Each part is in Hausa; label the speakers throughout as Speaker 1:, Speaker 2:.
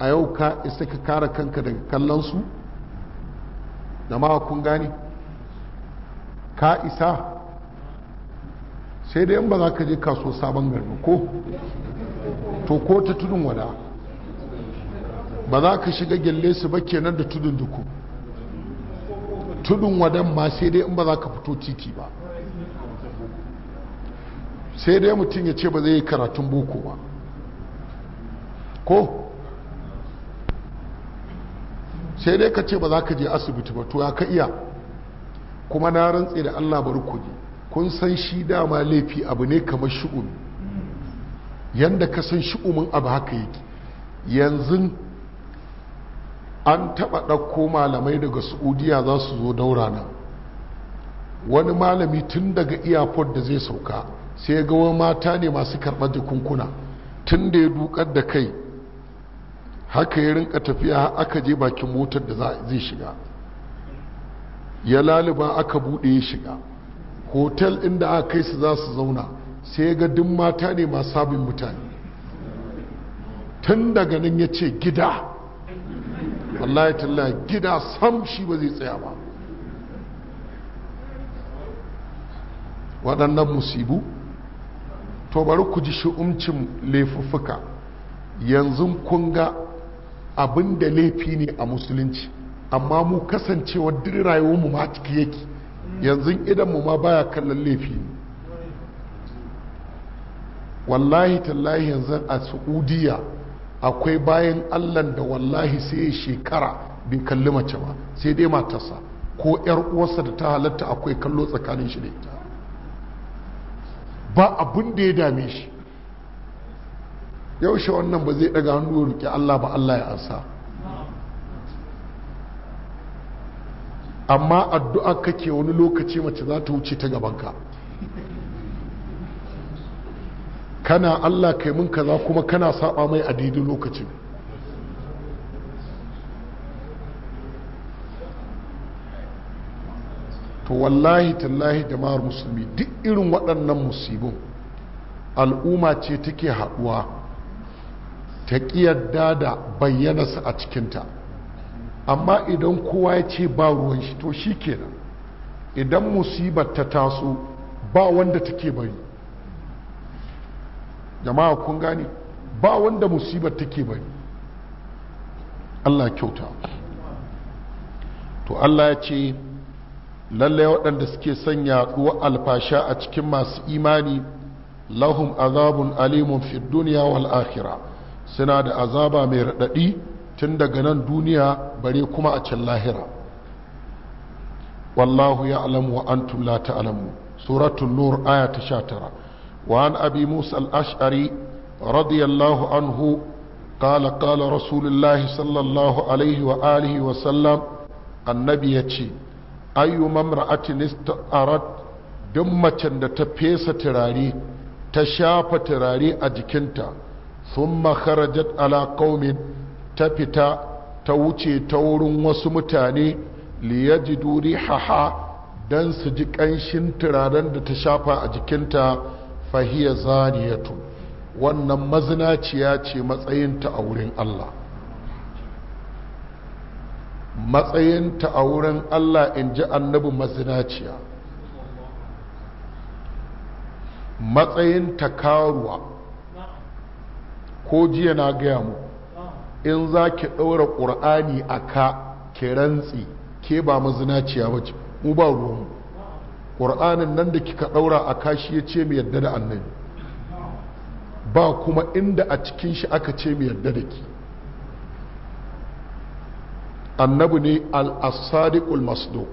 Speaker 1: a yau ka isa ka kara kanka daga kallon su jama'a kun gane ka isa sai dai in ba za ka je kaso sabon gari ko to ko ta tudun wada ba za ka shiga gyalle su ba kenan da tudun duku tudun wadan ma sai dai in ba za ka fito titi ba sai dai mutum ya ce ba zai yi karatun boko ba ko sai dai ka ce ba za ka je asibiti ba to ya ka iya kuma na rantse da allah bari ku ji kun san shi dama laifi abu ne kamar shi'umi yadda ka san shi'umin abu haka yake yanzu an taɓa ɗauko malamai daga saudiya za su zo daura nan wani malami tun daga iyafod da zai sauka sai ga wani mata ne masu karɓar jikunkuna tun da ya duƙar da kai haka ya rinka tafiya aka je bakin motar da zai shiga ya laliba aka bude ya shiga hotel inda aka kai su za su zauna sai ya ga duk mata ne masu sabin mutane tun daga nan ya ce gida wallahi tallahi gida sam shi ba zai tsaya ba waɗannan musibu to bari ku ji shi'umcin laifuffuka yanzu kun ga abin da laifi ne a musulunci amma mu kasancewa duk rayuwarmu ma ciki yake yanzu mu ma baya kallon laifi ne wallahi tallahi yanzu a saudiya akwai bayan allan da wallahi sai ya shekara bai kalli mace ba sai dai matarsa ko yar uwarsa da ta halatta akwai kallo tsakanin shi da ba abin da ya dame shi yaushe wannan ba zai daga hannu rike Allah ba Allah ya ansa amma addu'a kake wani lokaci mace za ta wuce ta gabanka kana Allah kai mun kaza kuma kana saba mai a daidai lokacin to wallahi tallahi jama'ar musulmi duk irin waɗannan musibin al'umma ce take haɗuwa ta ƙiyarda da bayyanarsa a cikinta amma idan kowa ya ce ba ruwan shi to shi kenan idan musibar ta taso ba wanda take bari jama'a kun gane ba wanda musibar take bari Allah kyauta to Allah ya ce lallai waɗanda suke sanya ruwa alfasha a cikin masu imani lahum azabun alimun fi duniya wal akhirah suna da azaba mai raɗaɗi tun daga nan duniya bare kuma a can lahira wallahu ya alamu wa antum la ta'lamu suratul nur aya ta 19 wa an abi musa al radiyallahu anhu قال قال رسول الله صلى الله عليه وآله وسلم النبي يتي أي ممرأة استأرت دمة تفيس تراري تشاف تراري أجكنتا thumma kharajat ala qaumin ta fita ta wuce ta wurin wasu mutane liyajidu rihaha dan su ji kanshin turaren da ta shafa a jikinta fahiya zaniyatu wannan mazinaciya ce matsayinta a wurin Allah matsayinta a wurin Allah in ji annabi mazinaciya matsayinta karuwa ko jiya na gaya mu in za ki ɗaura ƙur'ani a ka ke rantsi ke ba mazinaciya ba ce mu ba ruwanmu ƙur'anin nan da kika ɗaura a ka shi ya ce mai yadda da annabi ba kuma inda a cikin shi aka ce mai yadda da ki annabi ne al-asadiqul masduq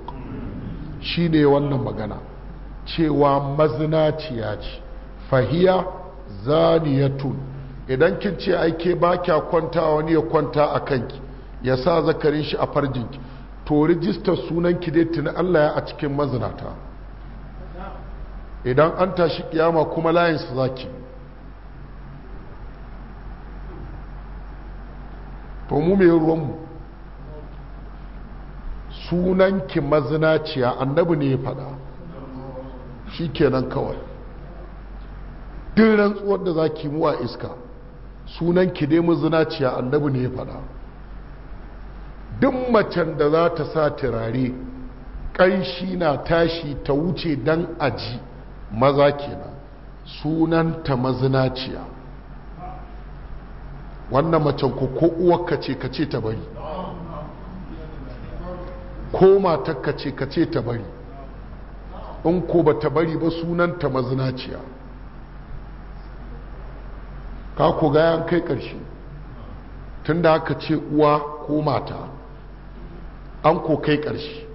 Speaker 1: shi ne wannan magana cewa mazinaciya ce fahiya zaniyatun idan kin ce aike ba kya kwanta wani ya kwanta a kanki ya sa zakarin shi a farjinki to rijistar ki dai tuni allah ya a cikin mazinata idan an tashi kiyama kuma layinsa zaki to mu mai ruwanmu sunanki mazinaciya annabi ne ya faɗa shi kenan kawai duk rantsuwar da za mu a iska sunan ki dai muzinaciya annabi ne ya faɗa duk macen da za ta sa turare ƙanshi na tashi ta wuce don aji maza kenan ta mazinaciya wannan macen ko ko uwarka ce ka ce ta bari ko ka ce ka ce ta bari in ko ba ta bari ba sunan ta mazinaciya ka ku gayan kai ƙarshe tun da aka ce uwa ko mata an ko kai ƙarshe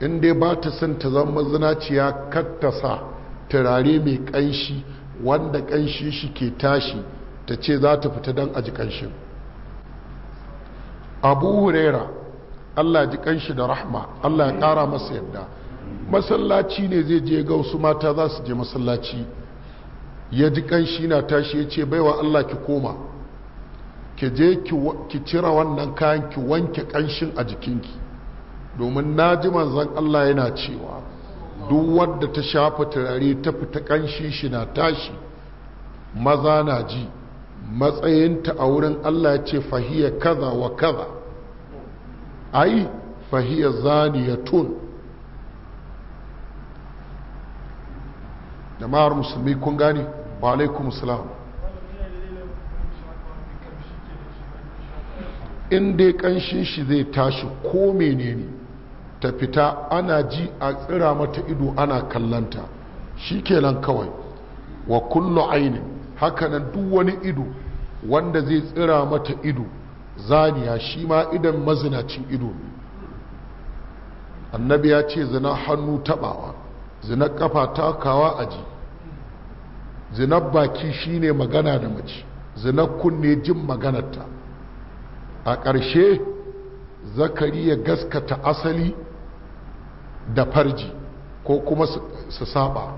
Speaker 1: inda dai ba ta son ta zama zinaciya kattasa turare mai ƙanshi wanda ƙanshi shi ke tashi ta ce za ta fita don aji ƙanshin abu huraira allah ji ƙanshi da rahma allah ya ƙara masa yadda masallaci ne zai je ga wasu mata za su je masallaci ya ji kanshi na tashi ya ce baiwa Allah ki koma ki je ki cira wannan kayan ki wanke kanshin a jikinki domin na ji manzan Allah yana cewa duk wadda ta shafa turare ta fita kanshi shi na tashi maza na ji matsayinta a wurin Allah ya ce fahiyar kaza wa kaza ai fahiyar tun. jama'ar musulmi kun gane wa alaikum salam Inda dai kanshin shi zai tashi ko menene ta fita ana ji a tsira mata ido ana kallanta shikenan kawai wa kullu aini hakanan duk wani ido wanda zai tsira mata ido zaniya shi ma idan mazinacin ido ne annabi ya ce zina hannu taɓawa. zinar kafa takawa ji zinar baki shine magana da mace zinar kunne jin maganarta a ƙarshe zakari ya gaskata asali da farji ko kuma su saba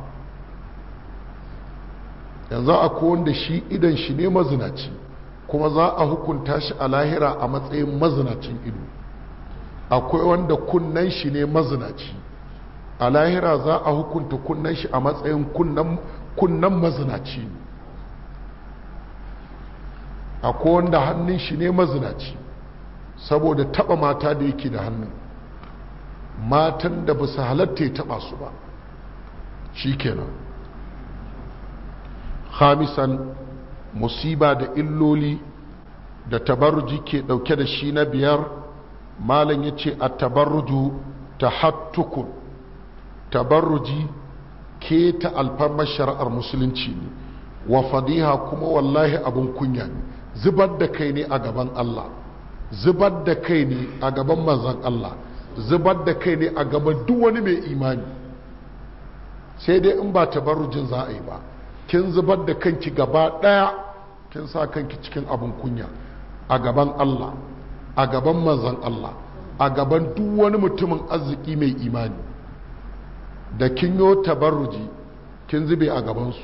Speaker 1: yanzu a wanda shi idan shi ne mazinaci kuma za a hukunta shi a lahira a matsayin mazinacin ido akwai wanda kunnen shi ne mazinaci a lahira za a hukunta kunnan shi a matsayin kunnan mazinaci ne a wanda hannun shi ne mazinaci saboda taba mata da yake da hannun matan da ba su halatta ya taba su ba shi kenan khamisan musiba da illoli da tabarruji ke dauke da shi na biyar malam ya ce a tabarruju ta hattukun tabarruji ke ta alfarmar shari'ar musulunci ne wa fadiha kuma wallahi abun kunya ne zubar da kai ne a gaban Allah zubar da kai ne a gaban manzan Allah zubar da kai ne a gaban duk wani mai imani sai dai in ba tabarrujin za a yi ba kin zubar da kanki gaba ɗaya kin sa kanki cikin abun kunya a gaban Allah a gaban manzan Allah a gaban duk wani mutumin arziki mai imani da kin yo tabarruji kin zube a gabansu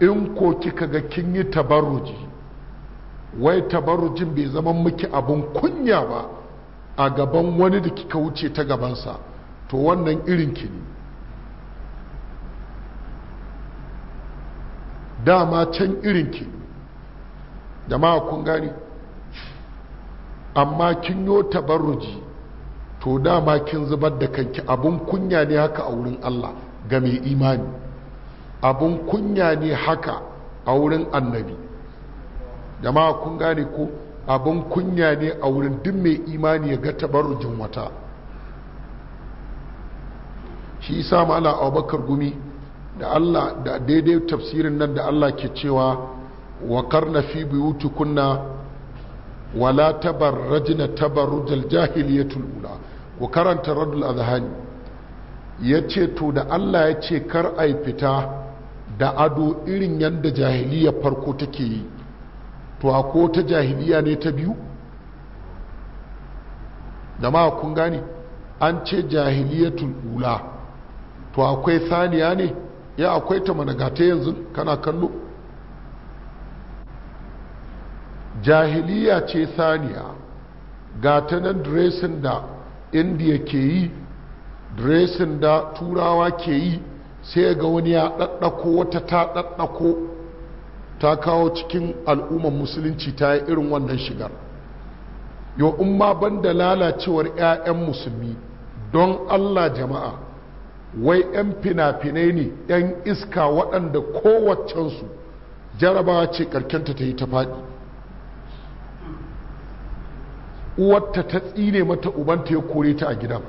Speaker 1: in ko kika ga kin yi tabarruji wai tabarrujin bai zama miki abin kunya ba a gaban wani da kika wuce ta gabansa to wannan irin ki ne dama can irin ki jama'a kun gani amma kin yo tabarruji to dama kin zubar da kanki abun kunya ne haka a wurin Allah ga mai imani abun kunya ne haka a wurin annabi jama'a kun gane ko abun kunya ne a wurin duk mai imani ya ga tabarujin wata shi yasa mala abubakar gumi da Allah da daidai tafsirin nan da Allah ke cewa wa karna fi buyuti wala tabarrajna tabarrujal jahiliyatul ula ku karanta radul azhani ya ce to da allah ya ce kar a yi fita da ado irin yadda jahiliya farko take yi to a ko ta jahiliya ne ta biyu da ma kun gane an ce tun ula to akwai saniya ne ya akwai ta managata yanzu kana kallo jahiliya ce saniya ga ta nan da indiya ke yi dressing da turawa ke yi sai ga wani ya ɗaɗɗako wata ta ɗaɗɗako ta kawo cikin al'ummar musulunci ta yi irin wannan shigar yau in ma ban da lalacewar 'ya'yan musulmi don allah jama'a wai 'yan fina-finai ne 'yan iska waɗanda kowacensu jarabawa ce karkenta ta yi ta faɗi uwarta ta tsine mata ubanta ya kore ta a gidan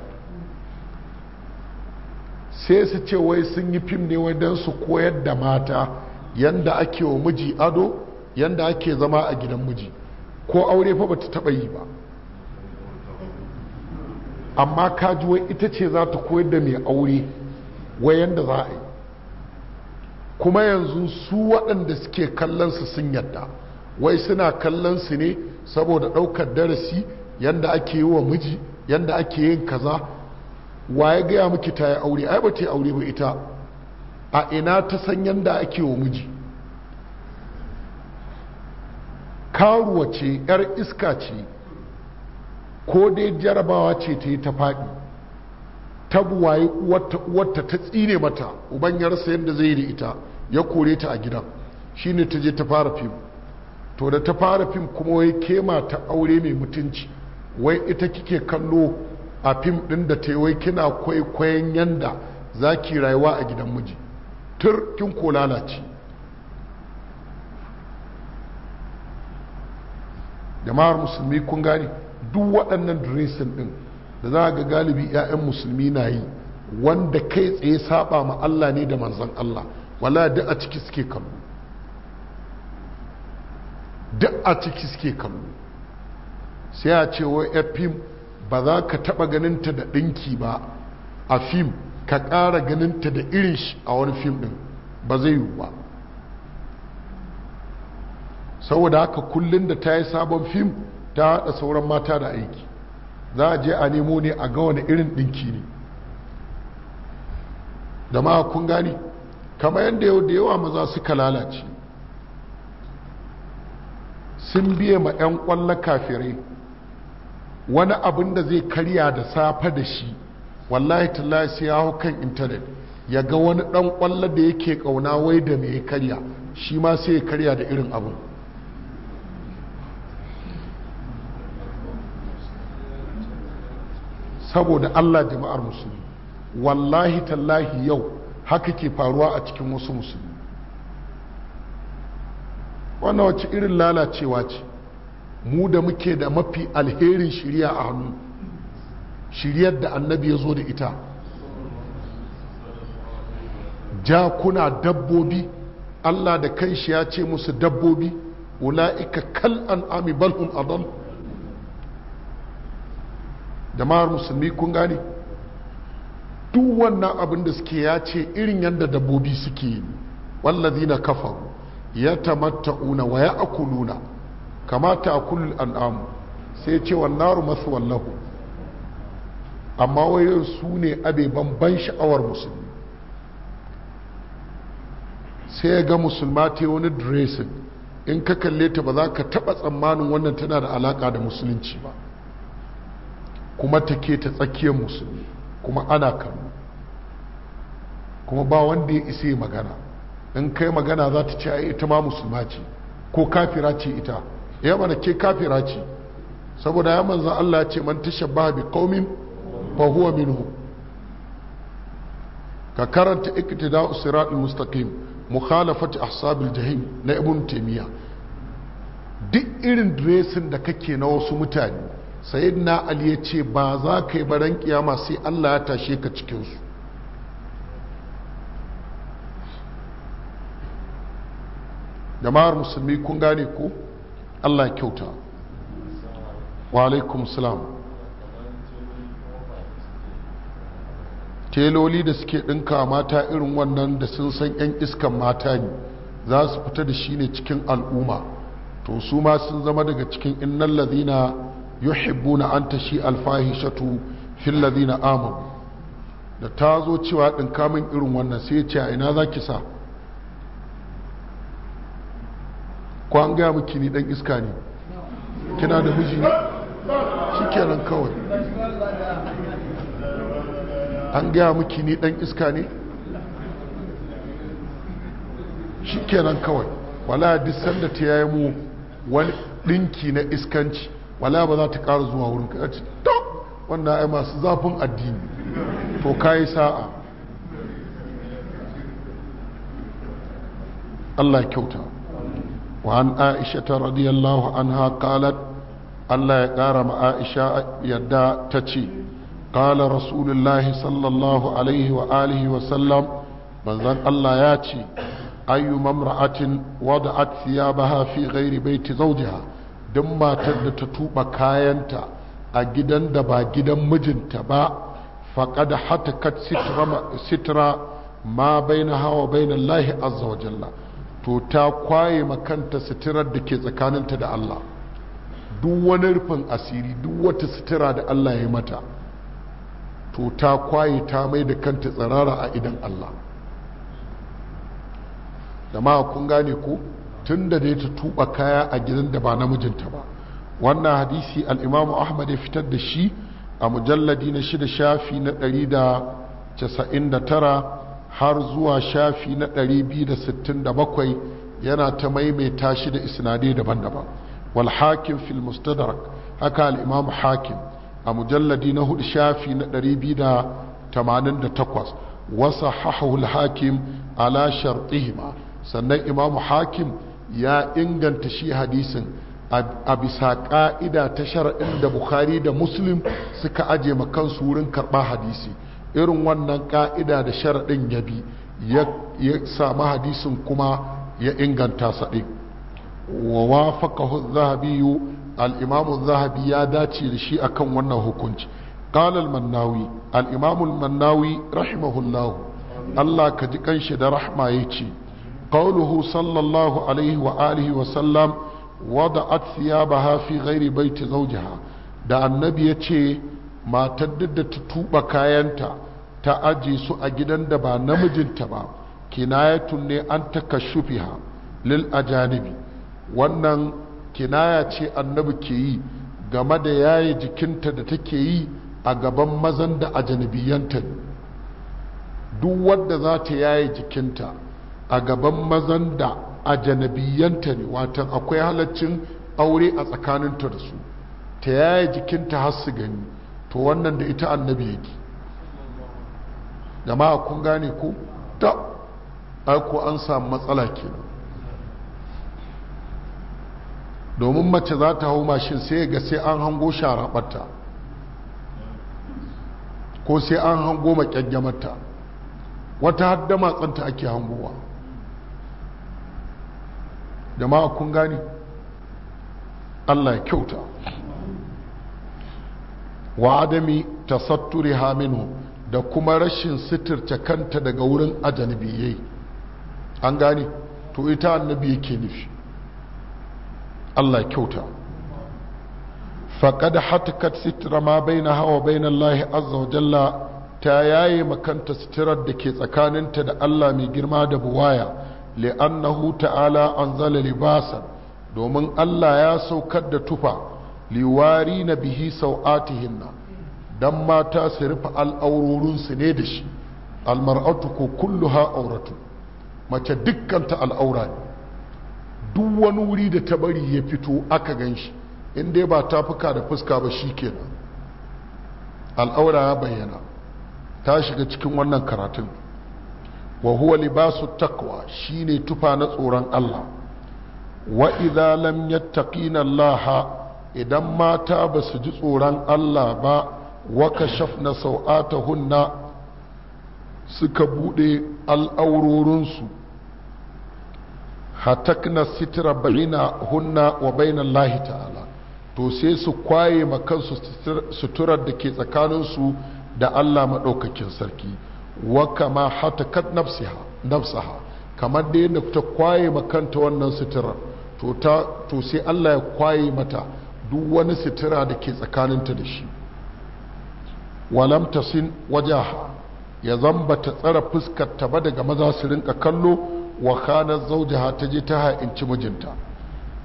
Speaker 1: sai su ce wai sun yi fim ne wai don su koyar da mata yanda ake wa miji ado yanda ake zama a gidan miji ko aure fa bata taba yi ba amma kaji wai ita ce za ta koyar da mai aure wai yanda za a yi kuma yanzu su waɗanda suke kallon su sun yadda wai suna kallon su ne saboda ɗaukar darasi yanda ake yi wa miji yanda ake yin kaza wa ya gaya miki ta yi aure ai ba ta yi aure ba ita a ina ta san yanda ake wa miji karuwa ce yar iska ce ko dai jarabawa ce ta yi ta faɗi ta buwaye uwarta ta tsine mata uban yarsa yadda zai da ita ya kore ta a gidan shine ta je ta fara fim to da ta fara fim kuma wai kema ta aure mai mutunci wai ita kike kallo a fim ɗin da ta wai kina kwaikwayon yanda za ki rayuwa a gidan miji tur kin ko lalace jama'ar musulmi kun gane duk waɗannan dressing ɗin da za ga galibi 'ya'yan musulmi na yi wanda kai tsaye saba ma Allah ne da manzan Allah wala duk a ciki suke kallo duk a ciki suke kallo sai a ce wa fim ba za ka taba ganinta da ɗinki ba a fim ka ƙara ganinta da irin shi a wani fim ɗin ba zai yiwu ba saboda haka kullum da ta yi sabon fim ta haɗa sauran mata da aiki za a je a nemo ne a ga wani irin ɗinki ne da ma kun gani kamar yadda yau da yawa maza suka lalace sun biya ma 'yan ƙwallon kafirai wani abin da zai karya da safa da shi wallahi tallahi sai ya hau kan intanet ya ga wani ɗan ƙwallo da yake ƙauna wai da mai karya shi ma sai ya karya da irin abin saboda allah jama'ar musulmi wallahi tallahi yau haka ke faruwa a cikin wasu musulmi wannan wacce irin lalacewa ce mu da muke da mafi alherin shirya a hannu shiryar da annabi ya zo da ita jakuna dabbobi allah da kanshi ya ce musu dabbobi wula'ika kal an ami balhun adal jama'ar musulmi kun gane duk wannan abin da suke ya ce irin yadda dabbobi suke yi wallazi na kafa ya tamatta'una wa ya akuluna kamata a kullum al'amu sai ce naru masu wallahu amma wai su ne abeban ban sha'awar musulmi sai ga musulma ta yi wani dresin in ka kalle ta ba za ka taba tsammanin wannan tana da alaka da musulunci ba kuma ta ke ta tsakiyar musulmi kuma ana kanu kuma ba wanda ya isa magana in kai magana za ta ce ita ma musulma ce ko kafira ce ita ya mana ke kafira ce saboda ya manzan Allah ce man tasha bi qaumin fa huwa minhu ka karanta iktida'u usiratul mustaqim mukhalafati ashabil jahim na ibn taymiya duk irin dressing da kake na wasu mutane sayyidina ali ya ce ba za ka yi baran kiyama sai Allah ya tashe ka cikin su jama'ar musulmi kun gane ko Allah ya kyauta
Speaker 2: wa alaikum salam
Speaker 1: teloli da suke ɗinka mata irin wannan da sun san 'yan iskan mata ne za su fita da shi ne cikin al'umma to su ma sun zama daga cikin innan lazina na an tashi alfahishatu fil lazina amur da ta zo cewa ɗinka min irin wannan sai ce a ina za ki sa ko an gaya miki ni dan iska ne kina da miji shi kenan kawai an gaya miki ni dan iska ne shi kenan kawai wala duk sanda ta yayi mu wani dinki na iskanci wala ba za ta ƙara zuwa wurin ka ce to wannan ai masu zafin addini to kayi sa'a Allah kyauta وعن عائشة رضي الله عنها قالت الله يقارم عائشة يدى تشي قال رسول الله صلى الله عليه وآله وسلم من الله ياتي أي ممرأة وضعت ثيابها في غير بيت زوجها دم تدتتوب كاينتا أجدا دبا جدا مجنتا با فقد حتكت ستر ما بينها وبين الله عز وجل to ta kwaye makanta sitirar da ke tsakaninta da Allah duk wani rufin asiri duk wata sitira da Allah ya mata to ta kwaye ta mai da kanta tsirara a idan Allah jama'a kun gane ku? tun da dai ta tuba kaya a gidan da ba namijinta ba wannan hadisi al'imamu ahmad ya fitar da shi a mujalladi na shida shafi na 199 har zuwa shafi na 267 yana ta maimaita shi da isnadai daban-daban wal hakim fil mustadrak haka al-imam hakim a mujalladi na hudu shafi na 288 wasa hahahul hakim ala shartihima sannan imam hakim ya inganta shi hadisin a bisa ka'ida ta shar'in da bukhari da muslim suka aje kansu wurin karɓa hadisi irin wannan ka'ida da sharaɗin ya bi ya samu hadisin kuma ya inganta saɗi wa wafaka zahabiyu al'imamu zahabi ya dace da shi akan wannan hukunci ƙalal mannawi al'imamu mannawi rahimahullahu allah ka ji kanshi da rahma ya ce ƙauluhu sallallahu alaihi wa alihi wa sallam wada a ba hafi gairi baiti zaujiha da annabi ya ce matar duk ta tuba kayanta ta aji su a gidan da ba namijinta ba kinayatun ne an takashufiha lil ajanibi wannan kinaya ce annabi ke yi game da yaye jikinta da take yi a gaban mazan da ajanibiyanta duk wadda za ta yaye jikinta a gaban mazan da ajanibiyanta ne watan akwai halaccin aure a tsakaninta da su ta yaye jikinta har su gani to wannan da ita annabi yake jama'a kun gane ko ta aiko an samu matsala ke domin mace za ta hau mashin sai ga sai an hango sharaɓarta ko sai an hango makyaggyamarta wata hadda matsanta ake hangowa jama'a kun gane allah ya kyauta wa adami tasatturi ha minhu da kuma rashin suturta kanta daga wurin ajanibiyai an gane to ita annabi yake nufi Allah kyauta faqad hatakat sitira ma baina hawa bainan lahi azza wa jalla ta yaye makanta sitirar da ke tsakaninta da Allah mai girma da buwaya li'annahu ta'ala anzala libasan domin Allah ya saukar da tufa liwari na bihi sau'atihinna dan mata su rufe al'aurorinsu ne da shi almar'atu ko kulluha auratu mace dukkanta al'aura ne duk wani wuri da ta bari ya fito aka gan shi in dai ba ta fuka da fuska ba shi kenan al'aura ya bayyana ta shiga cikin wannan karatun wa huwa libasu takwa ne tufa na tsoron Allah wa idza lam yattaqina Allah idan mata ba su ji tsoron Allah ba ta hunna suka bude al'aurorinsu hatakna sitira baina hunna wa baina lahi ta'ala to sai su kwaye makansu suturar da ke tsakaninsu da Allah maɗaukakin sarki wa kama hatakat nafsaha kamar da yadda ta kwaye makanta wannan suturar to sai Allah ya kwaye mata duk wani sutura da ke tsakaninta da shi walam tasin waja ya zamba ta tsara fuskar ta ba daga maza su rinka kallo wa kana zaujaha ta je ta ha'inci mijinta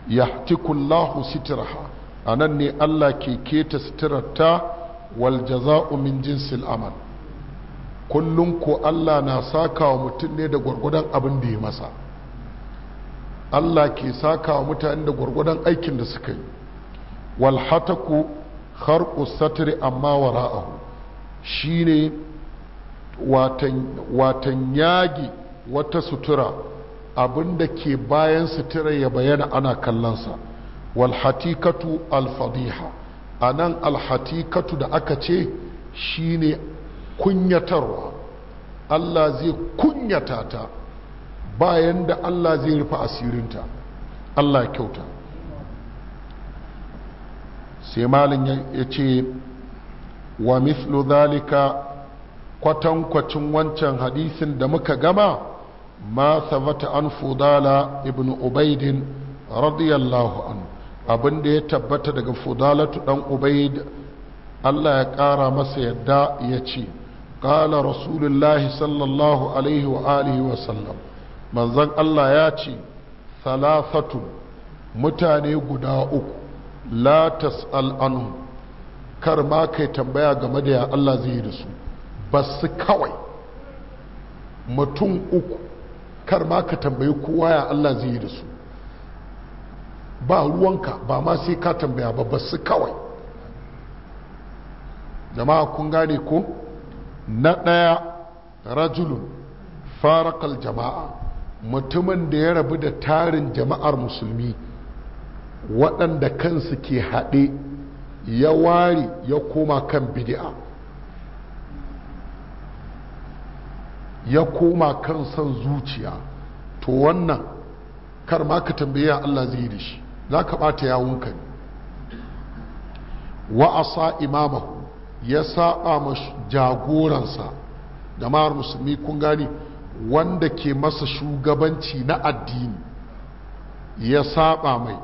Speaker 1: Ya yahtikullahu sitraha anan ne Allah ke keta sitirarta wal jaza'u min jinsil amal kullum ko Allah na saka wa mutum ne da gurgudan abin da ya masa Allah ke saka wa mutane da gwargwadon aikin da suka yi wal hataku kharqu satri amma wara'ahu shine watan yagi wata sutura abinda ke bayan sutura ya bayyana ana kallonsa walhatikatu alfadiha a nan alhatikatu da aka ce shine kunyatarwa allah zai kunyata ta bayan da allah zai rufe asirinta allah kyauta sai malin ya ce wa mithlu dhalika kwatankwacin wancan hadisin da muka gama ma sabata an fudala ibn ubaidin radiyallahu an abin da ya tabbata daga fudalatu dan ubaid Allah ya ƙara masa yadda ya ce ƙala rasulullahi sallallahu alaihi wa alihi wa sallam manzan Allah ya ce salasatu mutane guda uku la tas'al anhum kar ma kai tambaya game da ya Allah zai yi da su ba su kawai mutum uku kar ma ka tambayi kowa ya Allah zai yi da su ba ruwanka ba ma sai ka tambaya ba ba su kawai jama'a kun gane ko na ɗaya rajulun farakal jama'a mutumin da ya rabu da tarin jama'ar musulmi waɗanda kansu ke haɗe ya ware ya koma kan bidi'a, ya koma kan son zuciya to wannan kar ma ka tambaye Allah zai da shi za ka bata yawun ka wa asa imamahu ya saba ma jagoransa da ma musulmi kun gani wanda ke masa shugabanci na addini ya saba mai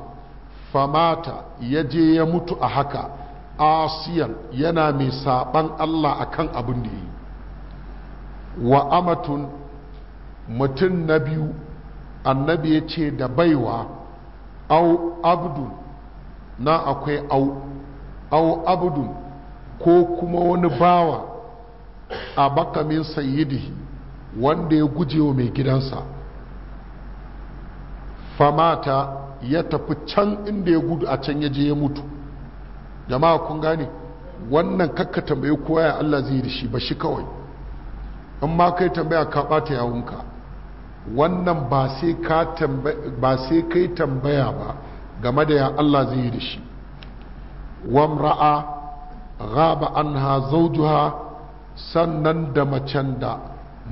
Speaker 1: famata ya je ya mutu a haka asiyan yana mai saban Allah akan abin da yi wa amatun mutum na biyu annabi ya ce da baiwa au abdun na akwai au au abdun ko kuma wani bawa a bakamin sayidi wanda ya guje wa mai gidansa famata ya tafi can inda ya gudu a can ya je ya mutu jama'a kun gane wannan kakka tambaye kowa ya Allah zai da shi ba shi kawai in ma kai tambaya ka bata yawunka wannan ba sai kai tambaya ba game da ya Allah zai da shi wamra'a ghaba anha ha sannan da macen da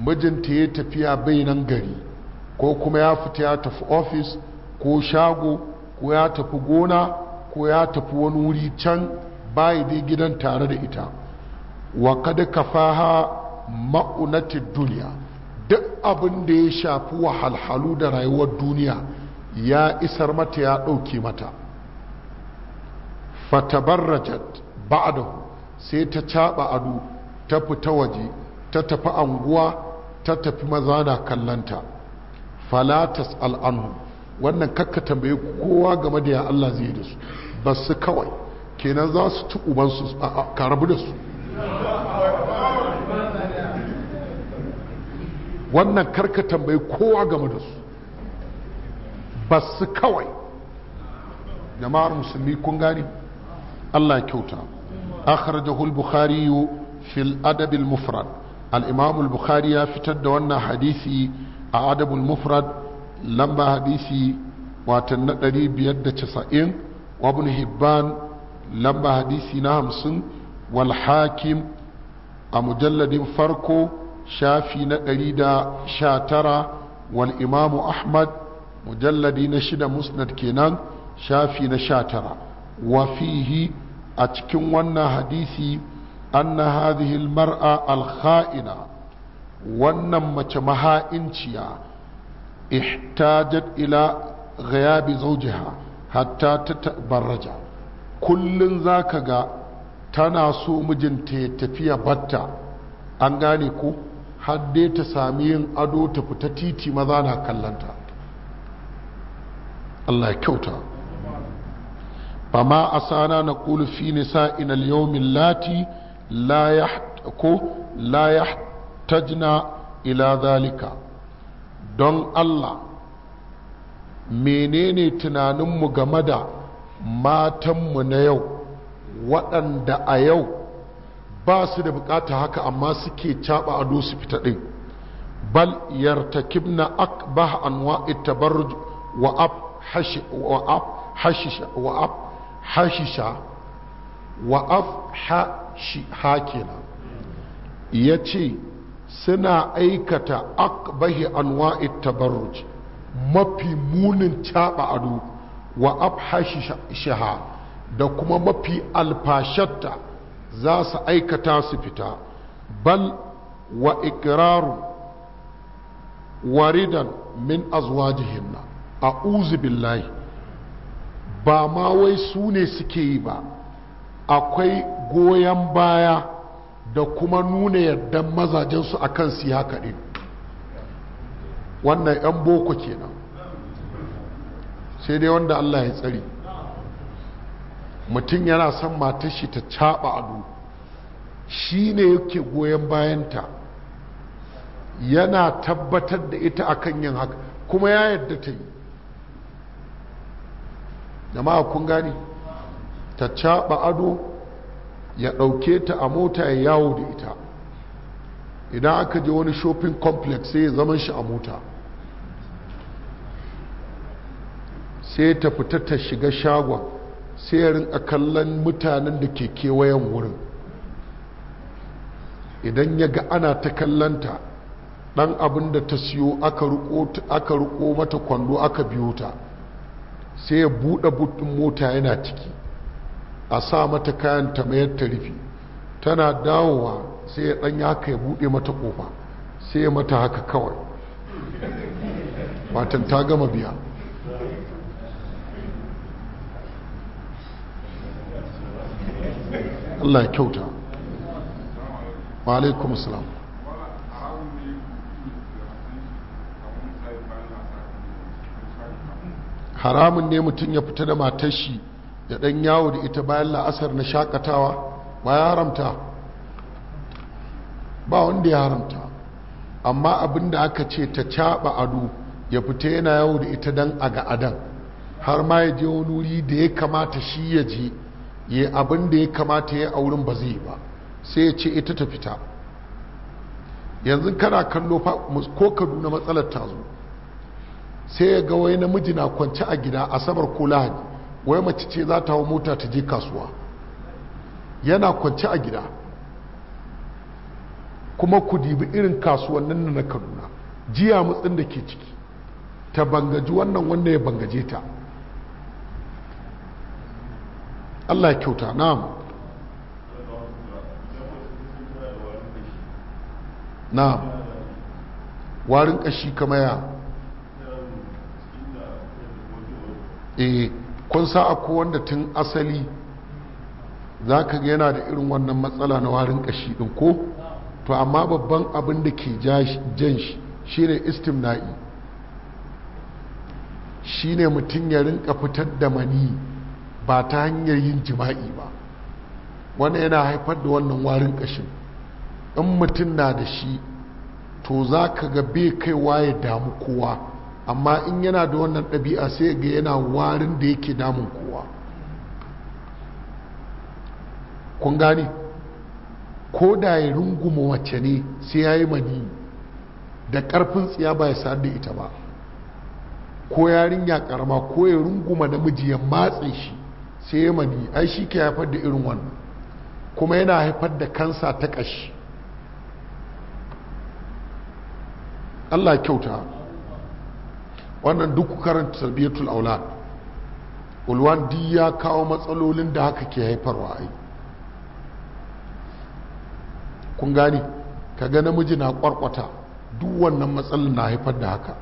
Speaker 1: mijinta ya tafiya bai nan gari ko kuma ya fita ya tafi ofis ko shago ko ya tafi gona ko ya tafi wani wuri can bayi dai gidan tare da ita wa kada kafaha ma'unatid duniya duk abin da ya shafi wahalhalu da rayuwar duniya ya isar mata ya ɗauke mata fatabarrajat ba'dahu sai ta caɓa ado ta fita waje ta tafi anguwa ta tafi maza na kallanta falatas al'anhu wannan kakka tambaye kowa game da ya Allah zai da su ba su kawai kenan za su ci ubansu a rabu da su wannan karka tambaye kowa game da su ba su kawai jama'ar musulmi kun gani Allah kyauta akhrajahu al-bukhari fil adab al-mufrad al-imam al-bukhari ya fitar da wannan hadisi a adab al-mufrad lamba hadisi watan na da casa'in, ibn hibban lamba hadisi na hamsin wal hakim a mujalladin farko shafi na ɗari da tara. wal imamu ahmad mujalladi na shida musnad kenan shafi na sha tara. fihi a cikin wannan hadisi anna hadhihi al mar'a al wannan mace maha'inciya ihtajat ila ghayabi zawjiha hatta ta kullun zaka ga tana so mijinta ya tafiya batta an gane ko har dai ta sami yin ado ta fita titi maza na kallanta Allah ya kyauta a asana na kulu fi nisa ina yawmin lati la ya ko la ya tajna ila zalika don Allah menene tunaninmu game da matanmu na yau waɗanda a yau ba su da bukata haka amma suke caɓa ado su fita ɗin bal yartakibna kibna akba tabarruj wa wa ab hashisha wa ab hashisha wa ab ha shi hakina yace suna aikata akbahi anwa'i tabarruj mafi munin caba ado wa abhashi shaha da kuma mafi alfashatta za su aikata su fita bal wa ikraru waridan min azwajihinna a'udhu billahi ba ma wai su ne suke yi ba akwai goyon baya da kuma nuna yardan mazajensu a kan su haka ɗin wannan 'yan boko kenan sai dai wanda allah ya tsari mutum yana son matar shi ta caɓa ado shi ne yake goyon bayanta yana tabbatar da ita akan yin haka kuma ya yarda ta yi jama'a kun gani ta caɓa ado ya ɗauke ta a mota ya yawo da ita idan aka je wani shopping complex sai ya zama shi a mota sai ta fita ta shiga shagon sai ya rinka kallon mutanen da ke kewayen wurin idan ya ga ana ta kallanta ɗan abin da ta siyo aka ruko mata kwando aka biyo ta sai ya buɗe buɗin mota yana ciki a sa mata kayan ta mayar ta rufi tana dawowa sai ya ɗanya haka ya buɗe mata ƙofa sai ya mata haka kawai watan ta gama biya Allah ya kyauta wa alaikum salam haramun ne mutum ya fita da matashi da ɗan yawo da ita bayan la'asar na shakatawa ba ya haramta ba wanda ya haramta amma abin da aka ce ta caɓa ado ya fita yana yawo da ita dan a ga adan har ma ya je wani wuri da ya kamata shi ya je ya abin da ya kamata ya a wurin ba zai ba sai ya ce ita ta fita yanzu kana kallo ko kaduna matsalar tazo sai ya ga wai namiji na kwance a gida asabar ko lahadi wai mace ce za ta hau mota ta je kasuwa yana kwanci a gida kuma ku dibi irin kasuwannin na kaduna jiya mutsin da ke ciki ta bangaji wannan wanda ya bangaje ta allah ya kyauta na'am na'am warin kashi ya eh kun sa ko wanda tun asali za ka yana da irin wannan matsala na warin kashi ɗin ko to amma babban abin da ke jan shi shi ne istimna'i shi ne mutum ya rinka fitar da mani ba ta hanyar yin jima'i ba wani yana haifar da wannan warin kashin in mutum na da shi to za ka ga bai kaiwa ya damu kowa amma in yana da wannan ɗabi'a sai ga yana warin da yake damun kowa kun gani ko da ya runguma wacce ne sai ya yi mani da ƙarfin tsiya ba ya sa'ad da ita ba ko yarinya ƙarama ko ya runguma namiji ya matse shi sai ya mani ai shi ke haifar da irin wannan kuma yana haifar da kansa ta ƙashi Allah kyauta wannan duk karanta tarbiyatul aulad ulwan di ya kawo matsalolin da haka ke haifarwa ai kun gani ga namiji na kwarkwata duk wannan matsalolin na haifar da haka ka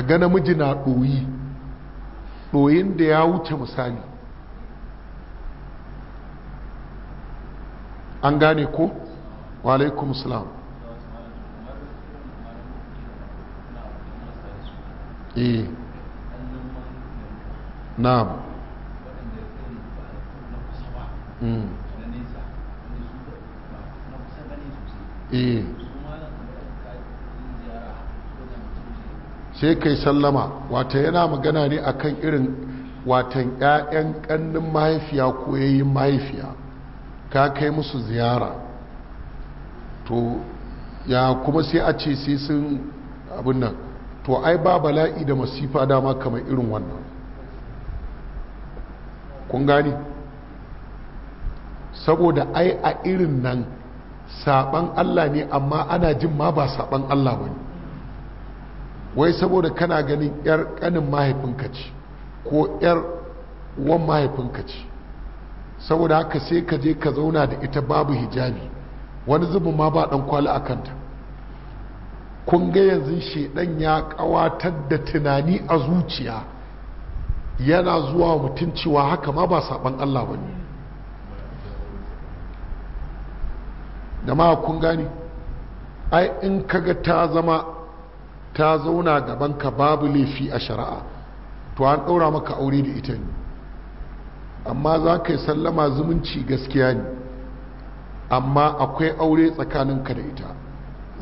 Speaker 1: kaga namiji na doyi ɗoyin da ya wuce misali an gane ko? walaikum salam E. Hmm. E. sai kai sallama wata yana magana ne akan irin watan 'ya'yan ƙannin mahaifiya ko yayin mahaifiya ka kai musu ziyara to ya kuma sai a ce sai sun abin nan to ai ba bala'i da masifa dama kamar irin wannan kun gani saboda ai a irin nan saban Allah ne amma ana jin ma ba saban Allah ba wai saboda kana ganin 'yar kanin mahaifinka ce ko 'yar wan mahaifinka ce saboda haka sai ka je ka zauna da ita babu hijabi wani zubin ma ba dan kwali a kanta kun ga yanzu shedan ya kawatar da tunani a zuciya yana zuwa mutum cewa haka ma ba saban Allah ba ne da ma kun gani ai in kaga ta zama ta zauna gaban ka babu laifi a shari'a to an ɗaura maka aure da ita ne amma za ka yi sallama zumunci gaskiya ne amma akwai aure tsakaninka da ita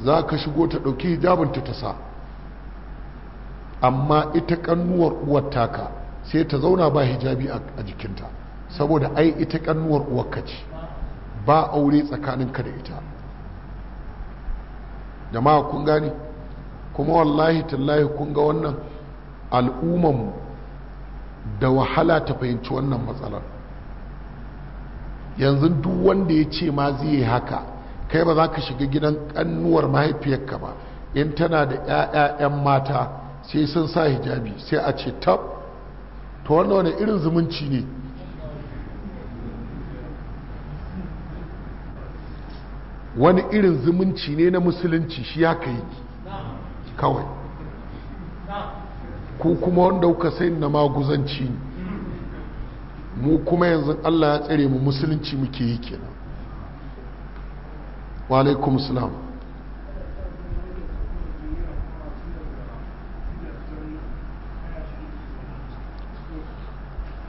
Speaker 1: za ka shigo ta ɗauki hijabinta ta sa amma ita kannuwar uwar taka sai ta zauna ba hijabi a jikinta saboda ai ita kannuwar ka ce ba aure tsakanin ka da ita jama'a kun gani kuma wallahi tallahi kun ga wannan al'umman da wahala ta fahimci wannan matsalar yanzu duk wanda ya ce ma zai haka kai ba za ka shiga gidan kannuwar mahaifiyarka ba in tana da 'ya'ya'yan mata sai sun sa hijabi sai a ce tab to wanda wani irin zumunci ne wani irin zumunci ne na musulunci shi ya ka yi kawai ko kuma wanda kuka sai na maguzanci mu kuma yanzu allah ya tsire mu musulunci muke yi kenan wa salam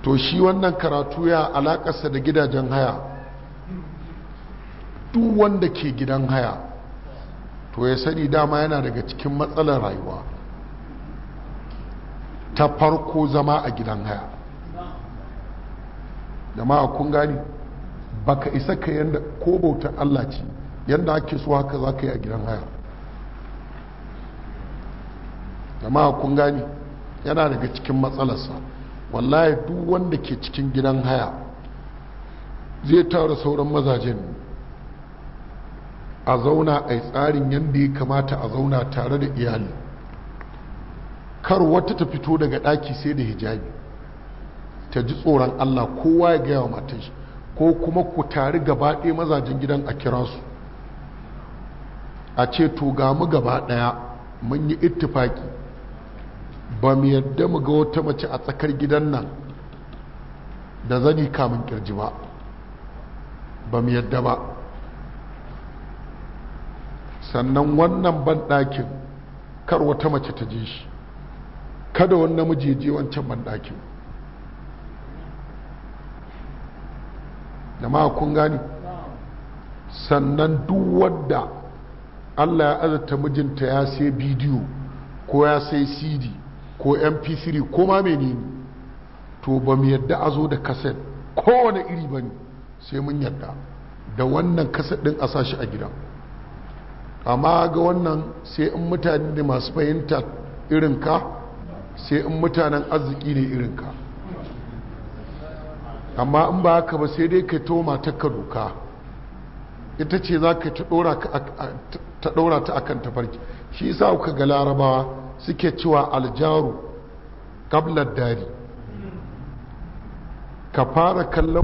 Speaker 1: to shi wannan karatu ya alakasa da gidajen haya duk wanda ke gidan haya to ya sani dama yana daga cikin matsalar rayuwa ta farko zama a gidan haya jama'a kun gani baka isa ka yanda ko bautar Allah ce yadda ake so haka za ka yi a gidan haya jama'a kun gani yana daga cikin matsalarsa wallahi duk wanda ke cikin gidan haya zai tara sauran mazajen a zauna a tsarin yadda ya kamata a zauna tare da iyali kar wata ta fito daga daki sai da hijabi ta ji tsoron allah kowa ya gaya wa matashi ko kuma ku tari gaba ɗaya mazajen gidan a kira su a ce to ga mu gaba daya mun yi ittifaki ba mu yadda mu ga wata mace a tsakar gidan nan da zani kamun kirji ba ba mu yadda ba sannan wannan banɗakin kar wata mace ta je shi kada wani namiji je wancan banɗakin da ma kun gani sannan duk wadda allah ya azata mijinta ya sai bidiyo ko ya sai cd ko mp3 ko ma menene to ba mu yadda a zo da kaset kowane iri ba ne sai mun yadda da wannan kaset din a sashi a gida amma ga wannan sai in mutane da masu fahimta irinka sai in mutanen arziki ne irinka amma in ba haka ba sai dai ka to ka doka ita ce za ka ta dora ta ɗaura ta akan tafarki shi yasa kuka ga larabawa suke cewa aljaru kablar dari ka fara kallon